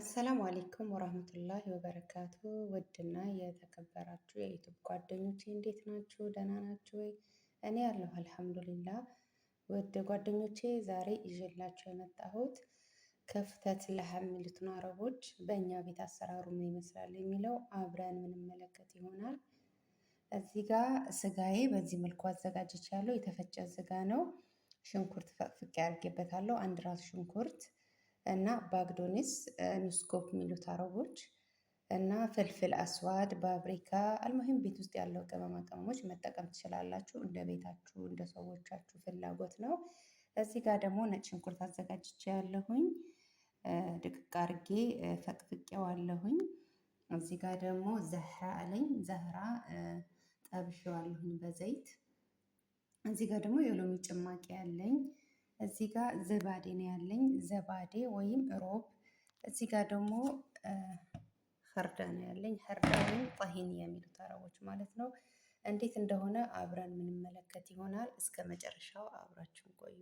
አሰላሙ አሌይኩም ወራህመቱላሂ ወበረካቱ። ውድና የተከበራችሁ የዩቱብ ጓደኞች እንዴት ናችሁ? ደህና ናችሁ ወይ? እኔ ያለሁ አልሐምዱሊላ። ውድ ጓደኞቼ ዛሬ ይዤላችሁ የመጣሁት ክፍተት ለሐም የሚሉትን አረቦች በእኛ ቤት አሰራሩ ምን ይመስላል የሚለው አብረን የምንመለከት ይሆናል። እዚህ ጋር ስጋዬ በዚህ መልኩ አዘጋጅቻለሁ። የተፈጨ ስጋ ነው። ሽንኩርት ፈቅፍቄ አድርጌበታለሁ። አንድ ራስ ሽንኩርት እና በአግዶኒስ ኑስኮፕ የሚሉት አረቦች እና ፍልፍል አስዋድ በአብሪካ አልሙሂም ቤት ውስጥ ያለው ቅመማ ቅመሞች መጠቀም ትችላላችሁ። እንደ ቤታችሁ እንደ ሰዎቻችሁ ፍላጎት ነው። እዚህ ጋር ደግሞ ነጭ ሽንኩርት አዘጋጅቼ ያለሁኝ ድቅቅ አርጌ ፈቅፍቄዋለሁኝ። እዚህ ጋር ደግሞ ዘህራ አለኝ ዘህራ ጠብሼዋለሁኝ በዘይት። እዚህ ጋር ደግሞ የሎሚ ጭማቂ አለኝ። እዚህ ጋር ዘባዴ ነው ያለኝ፣ ዘባዴ ወይም ሮብ። እዚህ ጋር ደግሞ ሀርዳ ነው ያለኝ፣ ኸርዳ ወይም ጣሂኒ የሚሉት አረቦች ማለት ነው። እንዴት እንደሆነ አብረን የምንመለከት ይሆናል። እስከ መጨረሻው አብራችሁን ቆዩ።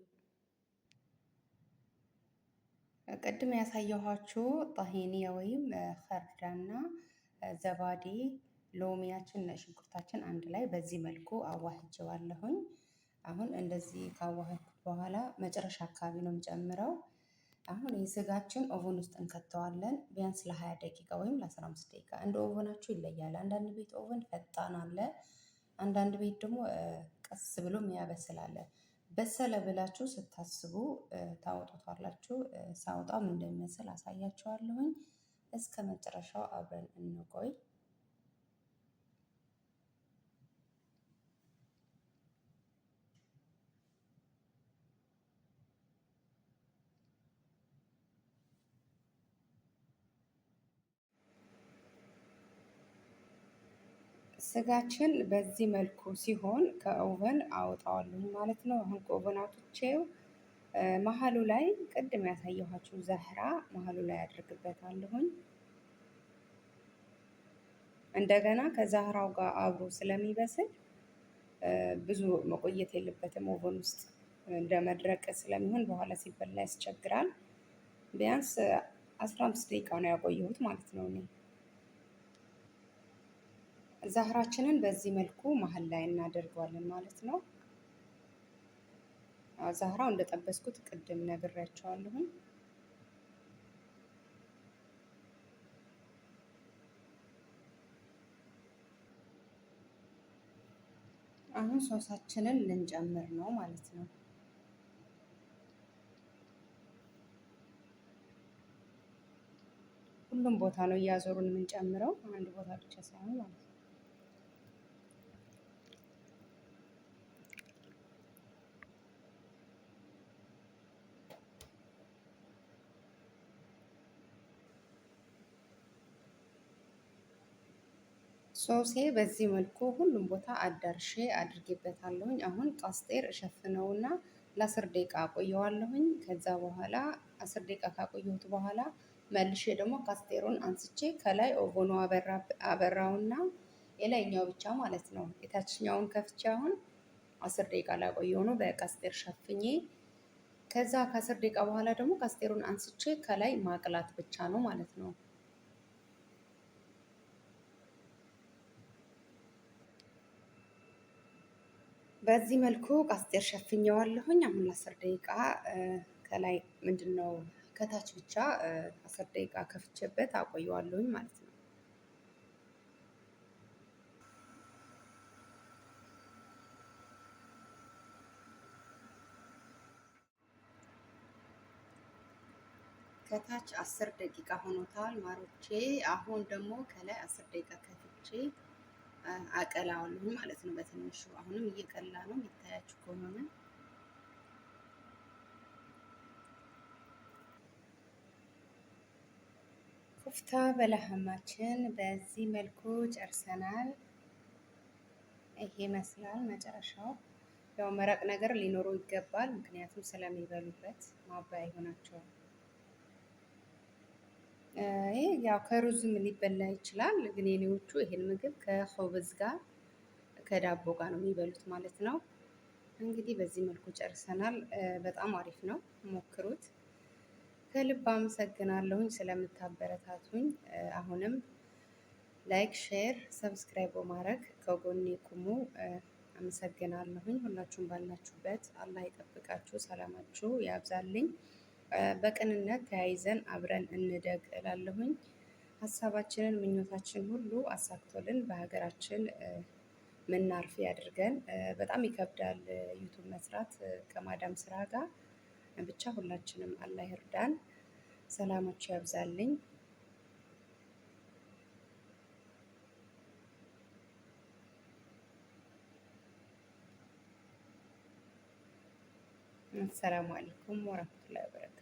ቅድም ያሳየኋችሁ ጣሂኒያ ወይም ኸርዳና ዘባዴ ሎሚያችን እና ሽንኩርታችን አንድ ላይ በዚህ መልኩ አዋህጀዋለሁኝ። አሁን እንደዚህ ካዋህኩ በኋላ መጨረሻ አካባቢ ነው የምጨምረው። አሁን ስጋችን ኦቨን ውስጥ እንከተዋለን ቢያንስ ለ20 ደቂቃ ወይም ለ15 ደቂቃ እንደ ኦቨናችሁ ይለያል። አንዳንድ ቤት ኦቨን ፈጣን አለ፣ አንዳንድ ቤት ደግሞ ቀስ ብሎ ያበስላል። በሰለ ብላችሁ ስታስቡ ታወጡታላችሁ። ሳውጣም እንደሚመስል አሳያችኋለሁኝ። እስከ መጨረሻው አብረን እንቆይ። ስጋችን በዚህ መልኩ ሲሆን ከኦቨን አወጣዋለሁ ማለት ነው። አሁን ከኦቨን አውጥቼው መሀሉ ላይ ቅድም ያሳየኋችሁ ዘህራ መሀሉ ላይ አድርግበታለሁኝ። እንደገና ከዛህራው ጋር አብሮ ስለሚበስል ብዙ መቆየት የለበትም ኦቨን ውስጥ እንደ መድረቅ ስለሚሆን በኋላ ሲበላ ያስቸግራል። ቢያንስ አስራ አምስት ደቂቃ ነው ያቆየሁት ማለት ነው እኔ ዛህራችንን በዚህ መልኩ መሀል ላይ እናደርገዋለን ማለት ነው። ዛህራው እንደጠበስኩት ቅድም ነግሬያቸዋለሁኝ። አሁን ሶሳችንን ልንጨምር ነው ማለት ነው። ሁሉም ቦታ ነው እያዞሩን የምንጨምረው አንድ ቦታ ብቻ ሳይሆን ማለት ነው። ሶሴ በዚህ መልኩ ሁሉም ቦታ አዳርሼ አድርጌበታለሁኝ። አሁን ቃስጤር እሸፍነውና ለአስር ደቂቃ አቆየዋለሁኝ። ከዛ በኋላ አስር ደቂቃ ካቆየሁት በኋላ መልሼ ደግሞ ካስቴሩን አንስቼ ከላይ ኦቨኑ አበራውና የላይኛው ብቻ ማለት ነው። የታችኛውን ከፍቼ አሁን አስር ደቂቃ ቆየው ነው በካስቴር ሸፍኜ። ከዛ ከአስር ደቂቃ በኋላ ደግሞ ካስቴሩን አንስቼ ከላይ ማቅላት ብቻ ነው ማለት ነው። በዚህ መልኩ ቃስጤር ሸፍኘዋለሁኝ። አሁን አስር ደቂቃ ከላይ ምንድን ነው ከታች ብቻ አስር ደቂቃ ከፍቼበት አቆየዋለሁኝ ማለት ነው። ከታች አስር ደቂቃ ሆኖታል ማሮቼ። አሁን ደግሞ ከላይ አስር ደቂቃ ከፍቼ አቀላዋለሁ ማለት ነው በትንሹ። አሁንም እየቀላ ነው የሚታያችሁ ከሆነ ኩፍታ በለሀማችን በዚህ መልኩ ጨርሰናል። ይሄ ይመስላል መጨረሻው። ያው መረቅ ነገር ሊኖረው ይገባል፣ ምክንያቱም ስለሚበሉበት ማባያ ይሆናቸዋል። ይሄ ያው ከሩዝም ሊበላ ይችላል፣ ግን የኔዎቹ ይሄን ምግብ ከኸብዝ ጋር ከዳቦ ጋር ነው የሚበሉት ማለት ነው። እንግዲህ በዚህ መልኩ ጨርሰናል። በጣም አሪፍ ነው፣ ሞክሩት። ከልብ አመሰግናለሁኝ ስለምታበረታቱኝ። አሁንም ላይክ፣ ሼር፣ ሰብስክራይብ በማድረግ ከጎኔ ቁሙ። አመሰግናለሁኝ። ሁላችሁም ባላችሁበት አላህ ይጠብቃችሁ፣ ሰላማችሁ ያብዛልኝ። በቅንነት ተያይዘን አብረን እንደግ እላለሁኝ። ሀሳባችንን ምኞታችን ሁሉ አሳክቶልን በሀገራችን ምናርፍ ያድርገን። በጣም ይከብዳል ዩቱብ መስራት ከማዳም ስራ ጋር ብቻ ሁላችንም አላህ ይርዳን። ሰላማችሁ ያብዛልኝ። አሰላሙ አለይኩም ወረህመቱላሂ ወበረካቱ